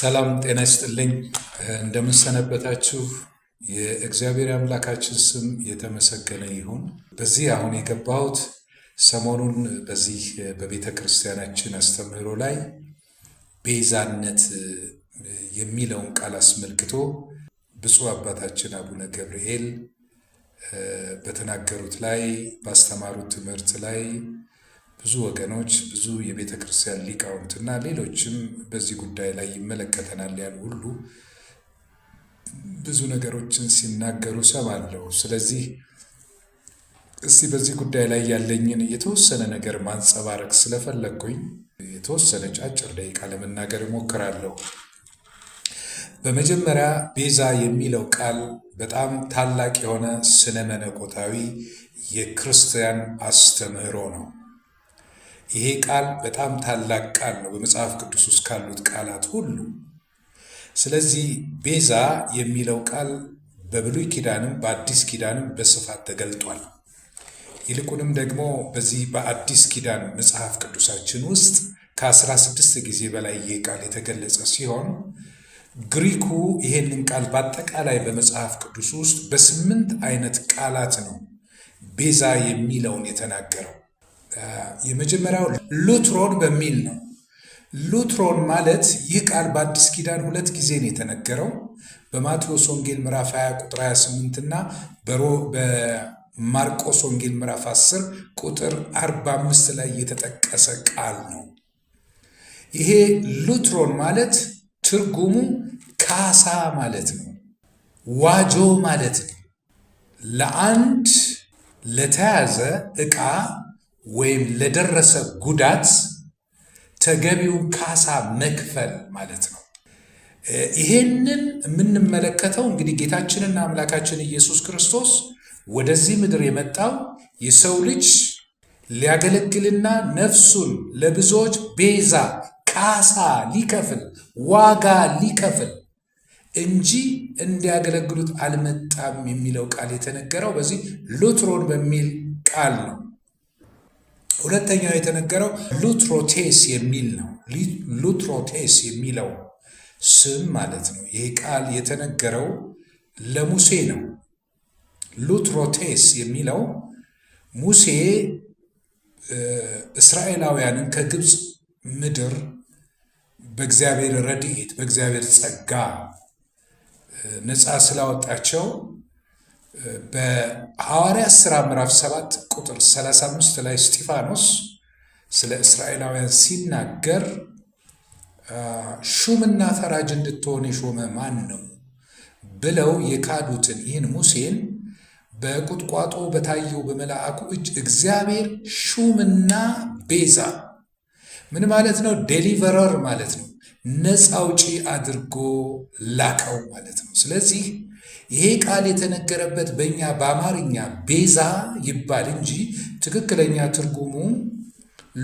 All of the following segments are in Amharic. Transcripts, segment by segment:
ሰላም ጤና ይስጥልኝ። እንደምንሰነበታችሁ። የእግዚአብሔር አምላካችን ስም የተመሰገነ ይሁን። በዚህ አሁን የገባሁት ሰሞኑን በዚህ በቤተ ክርስቲያናችን አስተምህሮ ላይ ቤዛነት የሚለውን ቃል አስመልክቶ ብፁዕ አባታችን አቡነ ገብርኤል በተናገሩት ላይ ባስተማሩት ትምህርት ላይ ብዙ ወገኖች ብዙ የቤተ ክርስቲያን ሊቃውንትና ሌሎችም በዚህ ጉዳይ ላይ ይመለከተናል ያን ሁሉ ብዙ ነገሮችን ሲናገሩ ሰማለሁ። ስለዚህ እስቲ በዚህ ጉዳይ ላይ ያለኝን የተወሰነ ነገር ማንጸባረቅ ስለፈለግኩኝ የተወሰነ አጭር ደቂቃ ለመናገር እሞክራለሁ። በመጀመሪያ ቤዛ የሚለው ቃል በጣም ታላቅ የሆነ ስነ የክርስቲያን አስተምህሮ ነው። ይሄ ቃል በጣም ታላቅ ቃል ነው በመጽሐፍ ቅዱስ ውስጥ ካሉት ቃላት ሁሉ። ስለዚህ ቤዛ የሚለው ቃል በብሉይ ኪዳንም በአዲስ ኪዳንም በስፋት ተገልጧል። ይልቁንም ደግሞ በዚህ በአዲስ ኪዳን መጽሐፍ ቅዱሳችን ውስጥ ከ16 ጊዜ በላይ ይህ ቃል የተገለጸ ሲሆን ግሪኩ ይሄንን ቃል በአጠቃላይ በመጽሐፍ ቅዱስ ውስጥ በስምንት አይነት ቃላት ነው ቤዛ የሚለውን የተናገረው። የመጀመሪያው ሉትሮን በሚል ነው። ሉትሮን ማለት ይህ ቃል በአዲስ ኪዳን ሁለት ጊዜ ነው የተነገረው በማቴዎስ ወንጌል ምዕራፍ 20 ቁጥር 28 እና በማርቆስ ወንጌል ምዕራፍ 10 ቁጥር 45 ላይ የተጠቀሰ ቃል ነው። ይሄ ሉትሮን ማለት ትርጉሙ ካሳ ማለት ነው፣ ዋጆ ማለት ነው። ለአንድ ለተያዘ ዕቃ ወይም ለደረሰ ጉዳት ተገቢውን ካሳ መክፈል ማለት ነው። ይሄንን የምንመለከተው እንግዲህ ጌታችንና አምላካችን ኢየሱስ ክርስቶስ ወደዚህ ምድር የመጣው የሰው ልጅ ሊያገለግልና ነፍሱን ለብዙዎች ቤዛ ካሳ ሊከፍል ዋጋ ሊከፍል እንጂ እንዲያገለግሉት አልመጣም የሚለው ቃል የተነገረው በዚህ ሉትሮን በሚል ቃል ነው። ሁለተኛው የተነገረው ሉትሮቴስ የሚል ነው። ሉትሮቴስ የሚለው ስም ማለት ነው። ይህ ቃል የተነገረው ለሙሴ ነው። ሉትሮቴስ የሚለው ሙሴ እስራኤላውያንን ከግብፅ ምድር በእግዚአብሔር ረድኤት በእግዚአብሔር ጸጋ ነፃ ስላወጣቸው በሐዋርያት ሥራ ምዕራፍ 7 ቁጥር 35 ላይ እስጢፋኖስ ስለ እስራኤላውያን ሲናገር ሹምና ፈራጅ እንድትሆን የሾመ ማን ነው ብለው የካዱትን ይህን ሙሴን በቁጥቋጦ በታየው በመልአኩ እጅ እግዚአብሔር ሹምና ቤዛ ምን ማለት ነው? ዴሊቨረር ማለት ነው። ነፃ አውጪ አድርጎ ላከው ማለት ነው። ስለዚህ ይሄ ቃል የተነገረበት በእኛ በአማርኛ ቤዛ ይባል እንጂ ትክክለኛ ትርጉሙ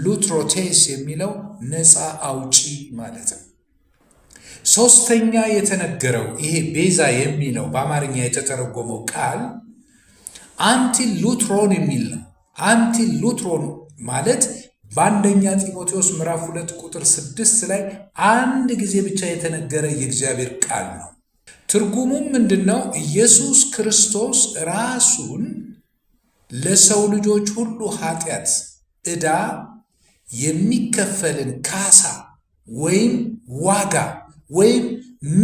ሉትሮቴስ የሚለው ነፃ አውጪ ማለት ነው። ሶስተኛ የተነገረው ይሄ ቤዛ የሚለው በአማርኛ የተተረጎመው ቃል አንቲ ሉትሮን የሚል ነው። አንቲ ሉትሮን ማለት በአንደኛ ጢሞቴዎስ ምዕራፍ ሁለት ቁጥር ስድስት ላይ አንድ ጊዜ ብቻ የተነገረ የእግዚአብሔር ቃል ነው። ትርጉሙም ምንድን ነው? ኢየሱስ ክርስቶስ ራሱን ለሰው ልጆች ሁሉ ኃጢአት ዕዳ የሚከፈልን ካሳ ወይም ዋጋ ወይም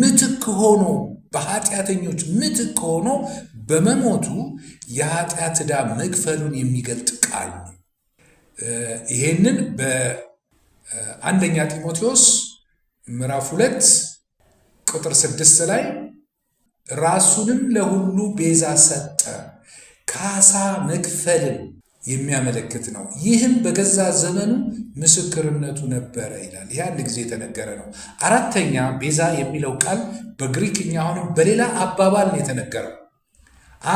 ምትክ ሆኖ በኃጢአተኞች ምትክ ሆኖ በመሞቱ የኃጢአት ዕዳ መክፈሉን የሚገልጥ ቃል ነው። ይሄንን በአንደኛ ጢሞቴዎስ ምዕራፍ ሁለት ቁጥር ስድስት ላይ ራሱንም ለሁሉ ቤዛ ሰጠ። ካሳ መክፈልን የሚያመለክት ነው። ይህም በገዛ ዘመኑ ምስክርነቱ ነበረ ይላል። ይህ አንድ ጊዜ የተነገረ ነው። አራተኛ ቤዛ የሚለው ቃል በግሪክኛ አሁንም በሌላ አባባል ነው የተነገረው።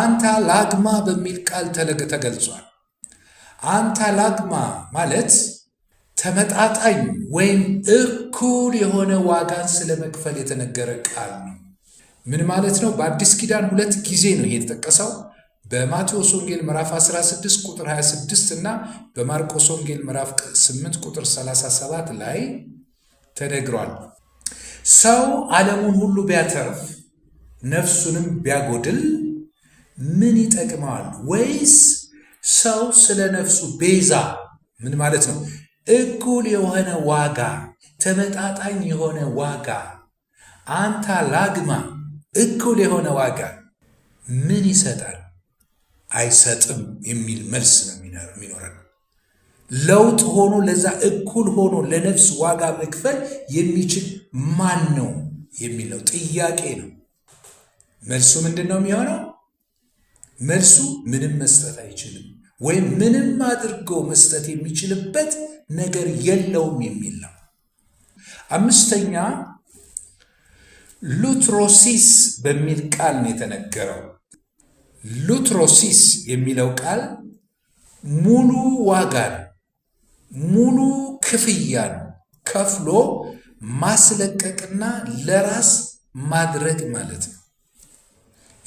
አንታ ላግማ በሚል ቃል ተገልጿል። አንታ ላግማ ማለት ተመጣጣኝ ወይም እኩል የሆነ ዋጋን ስለመክፈል የተነገረ ቃል ነው። ምን ማለት ነው? በአዲስ ኪዳን ሁለት ጊዜ ነው ይሄ የተጠቀሰው። በማቴዎስ ወንጌል ምዕራፍ 16 ቁጥር 26 እና በማርቆስ ወንጌል ምዕራፍ 8 ቁጥር 37 ላይ ተነግሯል። ሰው ዓለሙን ሁሉ ቢያተርፍ ነፍሱንም ቢያጎድል ምን ይጠቅመዋል? ወይስ ሰው ስለ ነፍሱ ቤዛ ምን ማለት ነው? እኩል የሆነ ዋጋ፣ ተመጣጣኝ የሆነ ዋጋ አንታ ላግማ እኩል የሆነ ዋጋ ምን ይሰጣል አይሰጥም የሚል መልስ ነው የሚኖረን። ለውጥ ሆኖ ለዛ እኩል ሆኖ ለነፍስ ዋጋ መክፈል የሚችል ማን ነው የሚለው ጥያቄ ነው። መልሱ ምንድን ነው የሚሆነው? መልሱ ምንም መስጠት አይችልም ወይም ምንም አድርጎ መስጠት የሚችልበት ነገር የለውም የሚል ነው። አምስተኛ ሉትሮሲስ በሚል ቃል ነው የተነገረው። ሉትሮሲስ የሚለው ቃል ሙሉ ዋጋ ነው፣ ሙሉ ክፍያ ነው። ከፍሎ ማስለቀቅና ለራስ ማድረግ ማለት ነው።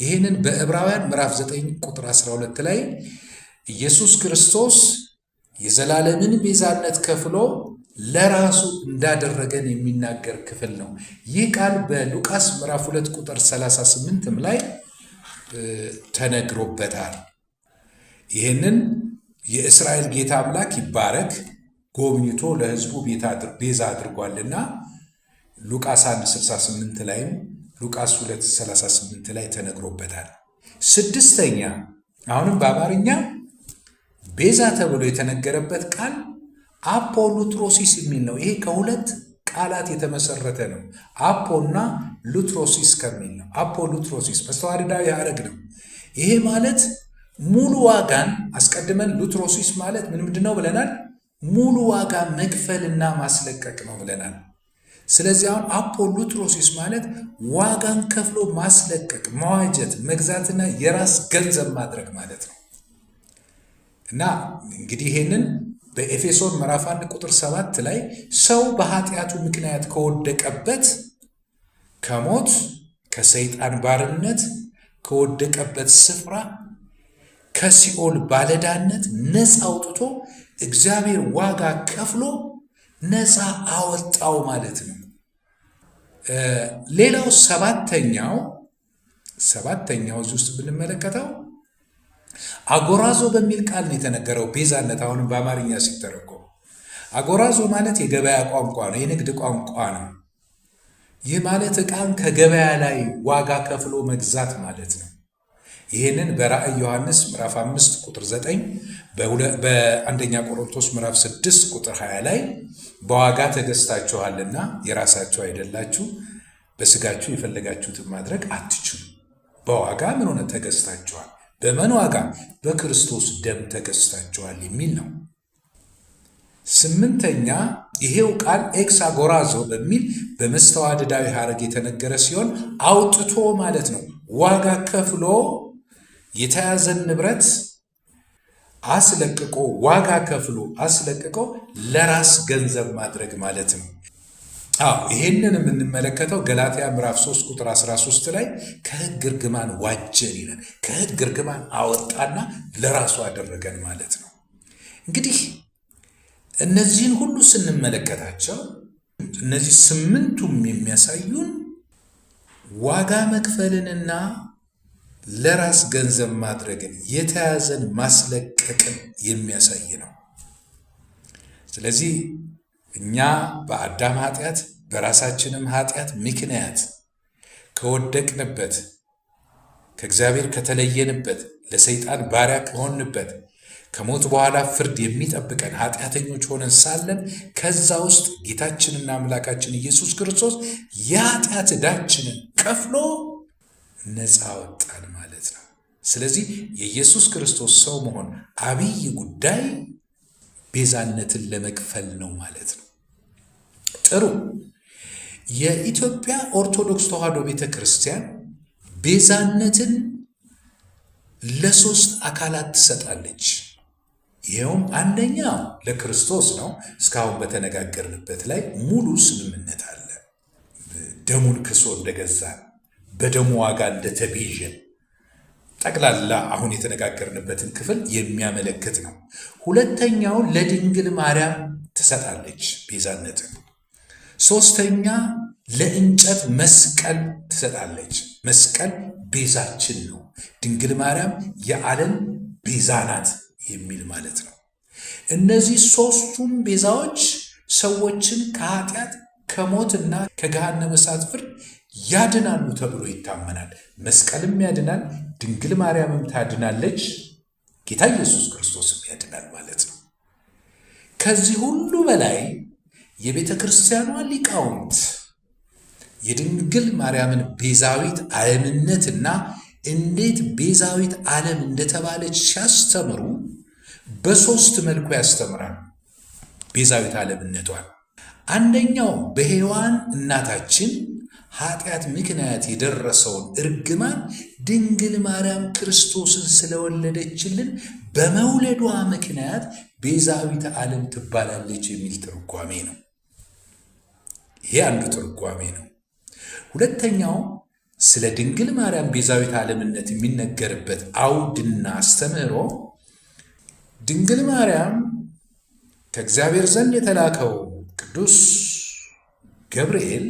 ይህንን በዕብራውያን ምዕራፍ 9 ቁጥር 12 ላይ ኢየሱስ ክርስቶስ የዘላለምን ቤዛነት ከፍሎ ለራሱ እንዳደረገን የሚናገር ክፍል ነው። ይህ ቃል በሉቃስ ምዕራፍ 2 ቁጥር 38ም ላይ ተነግሮበታል። ይህንን የእስራኤል ጌታ አምላክ ይባረክ ጎብኝቶ ለሕዝቡ ቤዛ አድርጓልና ሉቃስ 1 68 ላይም ሉቃስ 2 38 ላይ ተነግሮበታል። ስድስተኛ አሁንም በአማርኛ ቤዛ ተብሎ የተነገረበት ቃል አፖሉትሮሲስ የሚል ነው። ይሄ ከሁለት ቃላት የተመሰረተ ነው። አፖ እና ሉትሮሲስ ከሚል ነው። አፖሉትሮሲስ መስተዋድዳዊ ሐረግ ነው። ይሄ ማለት ሙሉ ዋጋን አስቀድመን ሉትሮሲስ ማለት ምን ምንድን ነው ብለናል? ሙሉ ዋጋ መክፈልና ማስለቀቅ ነው ብለናል። ስለዚህ አሁን አፖሉትሮሲስ ማለት ዋጋን ከፍሎ ማስለቀቅ፣ መዋጀት፣ መግዛትና የራስ ገንዘብ ማድረግ ማለት ነው እና እንግዲህ ይሄንን በኤፌሶን ምዕራፍ 1 ቁጥር 7 ላይ ሰው በኃጢአቱ ምክንያት ከወደቀበት ከሞት ከሰይጣን ባርነት ከወደቀበት ስፍራ ከሲኦል ባለዳነት ነፃ አውጥቶ እግዚአብሔር ዋጋ ከፍሎ ነፃ አወጣው ማለት ነው። ሌላው ሰባተኛው ሰባተኛው እዚህ ውስጥ ብንመለከተው አጎራዞ በሚል ቃል ነው የተነገረው ቤዛነት። አሁንም በአማርኛ ሲተረጎም አጎራዞ ማለት የገበያ ቋንቋ ነው፣ የንግድ ቋንቋ ነው። ይህ ማለት ዕቃን ከገበያ ላይ ዋጋ ከፍሎ መግዛት ማለት ነው። ይህንን በራእይ ዮሐንስ ምዕራፍ 5 ቁጥር 9 በአንደኛ ቆሮንቶስ ምዕራፍ 6 ቁጥር 20 ላይ በዋጋ ተገዝታችኋልና የራሳችሁ አይደላችሁ፣ በስጋችሁ የፈለጋችሁትን ማድረግ አትችሉ። በዋጋ ምን ሆነ ተገዝታችኋል። በምን ዋጋ? በክርስቶስ ደም ተገዝታችኋል የሚል ነው። ስምንተኛ ይሄው ቃል ኤክሳጎራዞ በሚል በመስተዋደዳዊ ሐረግ የተነገረ ሲሆን አውጥቶ ማለት ነው። ዋጋ ከፍሎ የተያዘን ንብረት አስለቅቆ ዋጋ ከፍሎ አስለቅቆ ለራስ ገንዘብ ማድረግ ማለት ነው። አዎ ይሄንን የምንመለከተው ገላትያ ምዕራፍ 3 ቁጥር 13 ላይ ከህግ እርግማን ዋጀን ይላል። ከህግ እርግማን አወጣና ለራሱ አደረገን ማለት ነው። እንግዲህ እነዚህን ሁሉ ስንመለከታቸው እነዚህ ስምንቱም የሚያሳዩን ዋጋ መክፈልንና ለራስ ገንዘብ ማድረግን የተያዘን ማስለቀቅን የሚያሳይ ነው። ስለዚህ እኛ በአዳም ኃጢአት በራሳችንም ኃጢአት ምክንያት ከወደቅንበት ከእግዚአብሔር ከተለየንበት ለሰይጣን ባሪያ ከሆንበት ከሞት በኋላ ፍርድ የሚጠብቀን ኃጢአተኞች ሆነን ሳለን ከዛ ውስጥ ጌታችንና አምላካችን ኢየሱስ ክርስቶስ የኃጢአት ዕዳችንን ከፍሎ ነፃ ወጣን ማለት ነው። ስለዚህ የኢየሱስ ክርስቶስ ሰው መሆን አብይ ጉዳይ ቤዛነትን ለመክፈል ነው ማለት ነው። ጥሩ የኢትዮጵያ ኦርቶዶክስ ተዋሕዶ ቤተ ክርስቲያን ቤዛነትን ለሶስት አካላት ትሰጣለች። ይኸውም አንደኛ ለክርስቶስ ነው። እስካሁን በተነጋገርንበት ላይ ሙሉ ስምምነት አለ። ደሙን ክሶ እንደገዛን፣ በደሙ ዋጋ እንደተቤዠን ጠቅላላ አሁን የተነጋገርንበትን ክፍል የሚያመለክት ነው። ሁለተኛው ለድንግል ማርያም ትሰጣለች ቤዛነትን ሶስተኛ ለእንጨት መስቀል ትሰጣለች። መስቀል ቤዛችን ነው። ድንግል ማርያም የዓለም ቤዛ ናት የሚል ማለት ነው። እነዚህ ሶስቱም ቤዛዎች ሰዎችን ከኃጢአት ከሞትና ከገሃነመ እሳት ፍርድ ያድናሉ ተብሎ ይታመናል። መስቀልም ያድናል፣ ድንግል ማርያምም ታድናለች፣ ጌታ ኢየሱስ ክርስቶስም ያድናል ማለት ነው። ከዚህ ሁሉ በላይ የቤተ ክርስቲያኗ ሊቃውንት የድንግል ማርያምን ቤዛዊት ዓለምነትና እንዴት ቤዛዊት ዓለም እንደተባለች ሲያስተምሩ በሦስት መልኩ ያስተምራል ቤዛዊት ዓለምነቷን። አንደኛው በሔዋን እናታችን ኃጢአት ምክንያት የደረሰውን እርግማን ድንግል ማርያም ክርስቶስን ስለወለደችልን በመውለዷ ምክንያት ቤዛዊት ዓለም ትባላለች የሚል ትርጓሜ ነው። ይሄ አንዱ ትርጓሜ ነው። ሁለተኛው ስለ ድንግል ማርያም ቤዛዊት ዓለምነት የሚነገርበት አውድና አስተምህሮ ድንግል ማርያም ከእግዚአብሔር ዘንድ የተላከው ቅዱስ ገብርኤል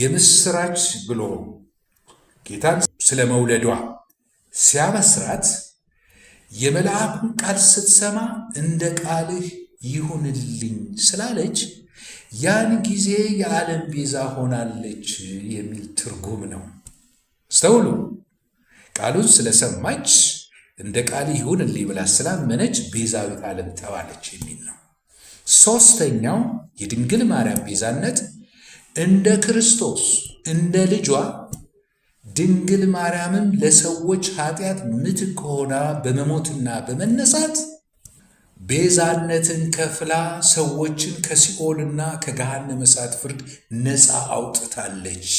የምስራች ብሎ ጌታን ስለ መውለዷ ሲያበስራት የመልአኩን ቃል ስትሰማ እንደ ቃልህ ይሁንልኝ ስላለች ያን ጊዜ የዓለም ቤዛ ሆናለች የሚል ትርጉም ነው። አስተውሉ። ቃሉን ስለሰማች እንደ ቃል ይሁንልኝ ብላ ስላመነች ቤዛዊት ዓለም ተባለች የሚል ነው። ሦስተኛው የድንግል ማርያም ቤዛነት እንደ ክርስቶስ እንደ ልጇ ድንግል ማርያምም ለሰዎች ኃጢአት ምትክ ሆና በመሞትና በመነሳት ቤዛነትን ከፍላ ሰዎችን ከሲኦልና ከገሃነመ እሳት ፍርድ ነፃ አውጥታለች።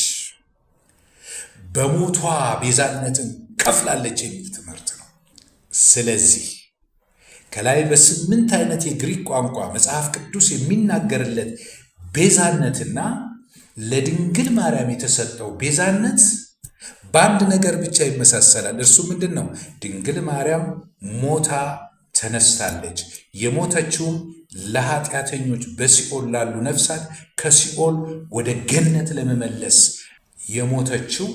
በሞቷ ቤዛነትን ከፍላለች የሚል ትምህርት ነው። ስለዚህ ከላይ በስምንት አይነት የግሪክ ቋንቋ መጽሐፍ ቅዱስ የሚናገርለት ቤዛነትና ለድንግል ማርያም የተሰጠው ቤዛነት በአንድ ነገር ብቻ ይመሳሰላል። እርሱ ምንድን ነው? ድንግል ማርያም ሞታ ተነስታለች። የሞተችውም ለኃጢአተኞች በሲኦል ላሉ ነፍሳት ከሲኦል ወደ ገነት ለመመለስ የሞተችው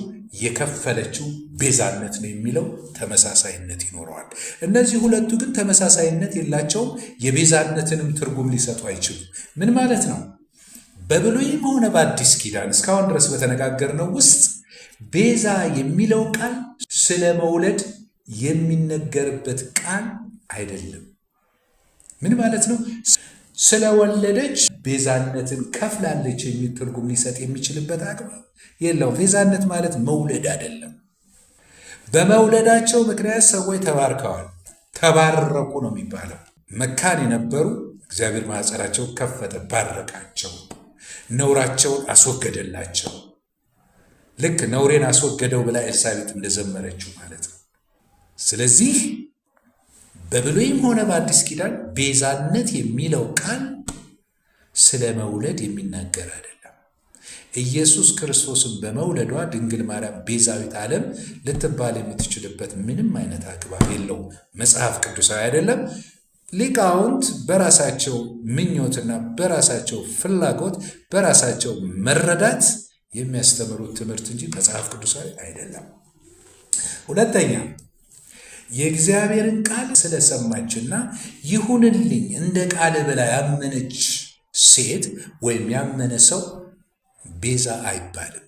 የከፈለችው ቤዛነት ነው የሚለው ተመሳሳይነት ይኖረዋል። እነዚህ ሁለቱ ግን ተመሳሳይነት የላቸውም። የቤዛነትንም ትርጉም ሊሰጡ አይችሉም። ምን ማለት ነው? በብሉይም ሆነ በአዲስ ኪዳን እስካሁን ድረስ በተነጋገርነው ውስጥ ቤዛ የሚለው ቃል ስለ መውለድ የሚነገርበት ቃል አይደለም። ምን ማለት ነው? ስለወለደች ቤዛነትን ከፍላለች የሚል ትርጉም ሊሰጥ የሚችልበት አቅም የለውም። ቤዛነት ማለት መውለድ አይደለም። በመውለዳቸው ምክንያት ሰዎች ተባርከዋል። ተባረቁ ነው የሚባለው። መካን የነበሩ እግዚአብሔር ማኅፀናቸው ከፈተ፣ ባረቃቸው፣ ነውራቸውን አስወገደላቸው። ልክ ነውሬን አስወገደው ብላ ኤልሳቤጥ እንደዘመረችው ማለት ነው። ስለዚህ በብሉይም ሆነ በአዲስ ኪዳን ቤዛነት የሚለው ቃል ስለ መውለድ የሚናገር አይደለም። ኢየሱስ ክርስቶስን በመውለዷ ድንግል ማርያም ቤዛዊት ዓለም ልትባል የምትችልበት ምንም አይነት አግባብ የለው መጽሐፍ ቅዱሳዊ አይደለም። ሊቃውንት በራሳቸው ምኞትና በራሳቸው ፍላጎት በራሳቸው መረዳት የሚያስተምሩት ትምህርት እንጂ መጽሐፍ ቅዱሳዊ አይደለም። ሁለተኛ የእግዚአብሔርን ቃል ስለሰማችና ይሁንልኝ እንደ ቃል ብላ ያመነች ሴት ወይም ያመነ ሰው ቤዛ አይባልም።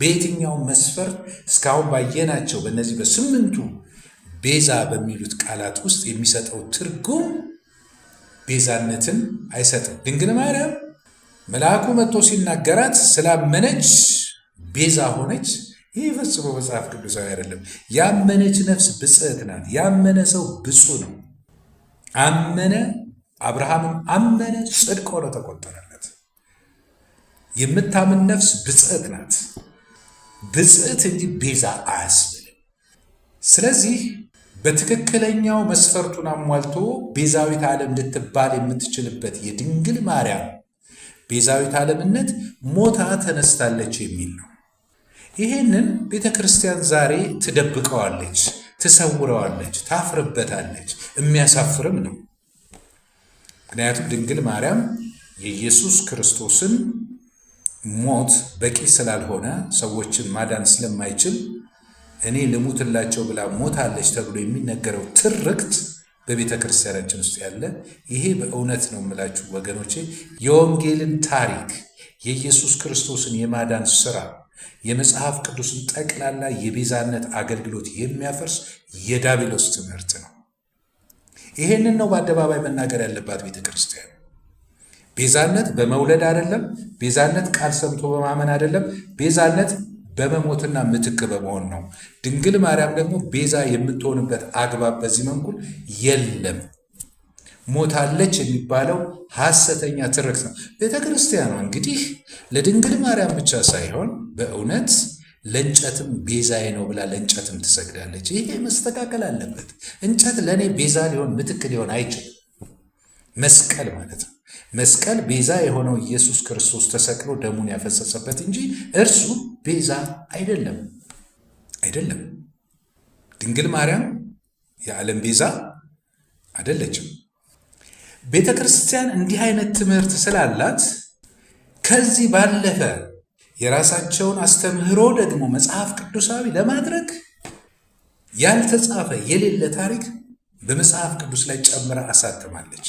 በየትኛው መስፈርት እስካሁን ባየናቸው በእነዚህ በስምንቱ ቤዛ በሚሉት ቃላት ውስጥ የሚሰጠው ትርጉም ቤዛነትን አይሰጥም። ድንግል ማርያም መልአኩ መጥቶ ሲናገራት ስላመነች ቤዛ ሆነች። ይህ ፈጽሞ መጽሐፍ ቅዱሳዊ አይደለም። ያመነች ነፍስ ብፅዕት ናት። ያመነ ሰው ብፁ ነው። አመነ አብርሃምም አመነ፣ ጽድቅ ሆኖ ተቆጠረለት። የምታምን ነፍስ ብፅዕት ናት። ብፅዕት እንጂ ቤዛ አያስብልም። ስለዚህ በትክክለኛው መስፈርቱን አሟልቶ ቤዛዊት ዓለም ልትባል የምትችልበት የድንግል ማርያም ቤዛዊት ዓለምነት ሞታ ተነስታለች የሚል ነው። ይሄንን ቤተ ክርስቲያን ዛሬ ትደብቀዋለች፣ ትሰውረዋለች፣ ታፍርበታለች። የሚያሳፍርም ነው። ምክንያቱም ድንግል ማርያም የኢየሱስ ክርስቶስን ሞት በቂ ስላልሆነ ሰዎችን ማዳን ስለማይችል እኔ ልሙትላቸው ብላ ሞታለች ተብሎ የሚነገረው ትርክት በቤተ ክርስቲያናችን ውስጥ ያለ ይሄ በእውነት ነው የምላችሁ ወገኖቼ፣ የወንጌልን ታሪክ የኢየሱስ ክርስቶስን የማዳን ስራ የመጽሐፍ ቅዱስን ጠቅላላ የቤዛነት አገልግሎት የሚያፈርስ የዳቢሎስ ትምህርት ነው። ይሄንን ነው በአደባባይ መናገር ያለባት ቤተ ክርስቲያን። ቤዛነት በመውለድ አይደለም። ቤዛነት ቃል ሰምቶ በማመን አይደለም። ቤዛነት በመሞትና ምትክ በመሆን ነው። ድንግል ማርያም ደግሞ ቤዛ የምትሆንበት አግባብ በዚህ መንኩል የለም። ሞታለች የሚባለው ሐሰተኛ ትርክት ነው። ቤተ ክርስቲያኗ እንግዲህ ለድንግል ማርያም ብቻ ሳይሆን በእውነት ለእንጨትም ቤዛዬ ነው ብላ ለእንጨትም ትሰግዳለች። ይሄ መስተካከል አለበት። እንጨት ለእኔ ቤዛ ሊሆን ምትክ ሊሆን አይችልም። መስቀል ማለት ነው። መስቀል ቤዛ የሆነው ኢየሱስ ክርስቶስ ተሰቅሎ ደሙን ያፈሰሰበት እንጂ እርሱ ቤዛ አይደለም፣ አይደለም። ድንግል ማርያም የዓለም ቤዛ አይደለችም። ቤተ ክርስቲያን እንዲህ አይነት ትምህርት ስላላት ከዚህ ባለፈ የራሳቸውን አስተምህሮ ደግሞ መጽሐፍ ቅዱሳዊ ለማድረግ ያልተጻፈ የሌለ ታሪክ በመጽሐፍ ቅዱስ ላይ ጨምራ አሳትማለች።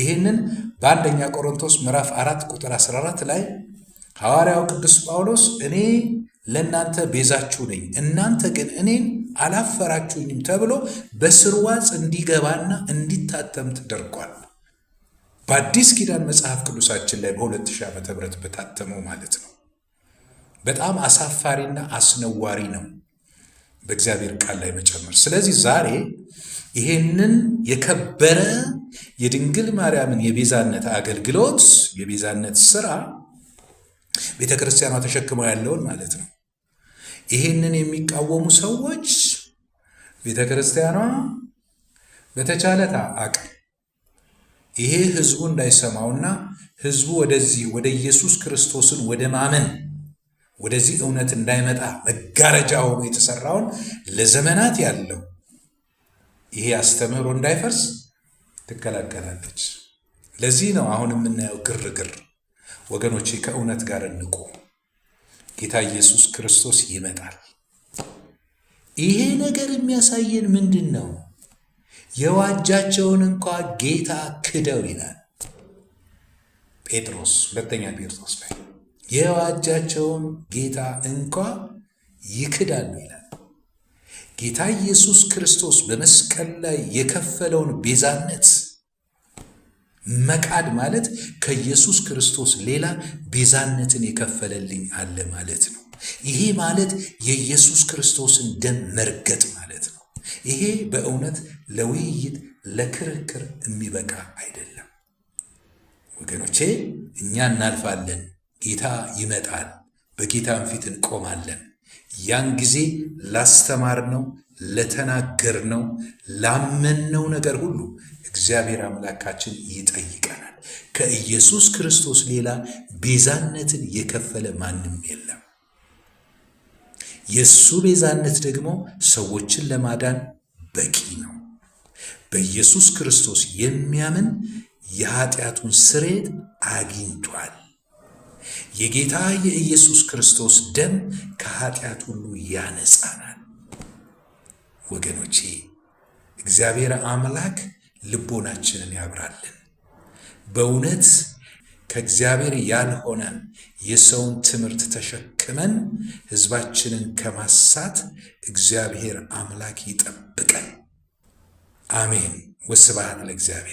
ይህንን በአንደኛ ቆሮንቶስ ምዕራፍ አራት ቁጥር 14 ላይ ሐዋርያው ቅዱስ ጳውሎስ እኔ ለእናንተ ቤዛችሁ ነኝ፣ እናንተ ግን እኔን አላፈራችሁኝም ተብሎ በስርዋጽ እንዲገባና እንዲታተም ተደርጓል። በአዲስ ኪዳን መጽሐፍ ቅዱሳችን ላይ በሁለት ሺህ ዓመተ ምህረት በታተመው ማለት ነው። በጣም አሳፋሪና አስነዋሪ ነው በእግዚአብሔር ቃል ላይ መጨመር። ስለዚህ ዛሬ ይሄንን የከበረ የድንግል ማርያምን የቤዛነት አገልግሎት የቤዛነት ስራ ቤተ ክርስቲያኗ ተሸክመው ያለውን ማለት ነው ይሄንን የሚቃወሙ ሰዎች ቤተ ክርስቲያኗ በተቻለታ አቅም ይሄ ህዝቡ እንዳይሰማውና ህዝቡ ወደዚህ ወደ ኢየሱስ ክርስቶስን ወደ ማመን ወደዚህ እውነት እንዳይመጣ መጋረጃ ሆኖ የተሰራውን ለዘመናት ያለው ይሄ አስተምህሮ እንዳይፈርስ ትከላከላለች። ለዚህ ነው አሁን የምናየው ግርግር። ወገኖቼ ከእውነት ጋር እንቁ። ጌታ ኢየሱስ ክርስቶስ ይመጣል። ይሄ ነገር የሚያሳየን ምንድን ነው? የዋጃቸውን እንኳ ጌታ ክደው ይላል ጴጥሮስ ሁለተኛ ጴጥሮስ ላይ የዋጃቸውን ጌታ እንኳ ይክዳሉ ይላል። ጌታ ኢየሱስ ክርስቶስ በመስቀል ላይ የከፈለውን ቤዛነት መቃድ ማለት ከኢየሱስ ክርስቶስ ሌላ ቤዛነትን የከፈለልኝ አለ ማለት ነው። ይሄ ማለት የኢየሱስ ክርስቶስን ደም መርገጥ ማለት ነው። ይሄ በእውነት ለውይይት ለክርክር የሚበቃ አይደለም ወገኖቼ። እኛ እናልፋለን፣ ጌታ ይመጣል፣ በጌታም ፊት እንቆማለን። ያን ጊዜ ላስተማር ነው ለተናገርነው ላመንነው ነገር ሁሉ እግዚአብሔር አምላካችን ይጠይቀናል። ከኢየሱስ ክርስቶስ ሌላ ቤዛነትን የከፈለ ማንም የለም። የእሱ ቤዛነት ደግሞ ሰዎችን ለማዳን በቂ ነው። በኢየሱስ ክርስቶስ የሚያምን የኃጢአቱን ስርየት አግኝቷል። የጌታ የኢየሱስ ክርስቶስ ደም ከኃጢአት ሁሉ ያነጻናል። ወገኖቼ እግዚአብሔር አምላክ ልቦናችንን ያብራልን። በእውነት ከእግዚአብሔር ያልሆነ የሰውን ትምህርት ተሸክመን ሕዝባችንን ከማሳት እግዚአብሔር አምላክ ይጠብቀን። አሜን። ወስብሐት ለእግዚአብሔር።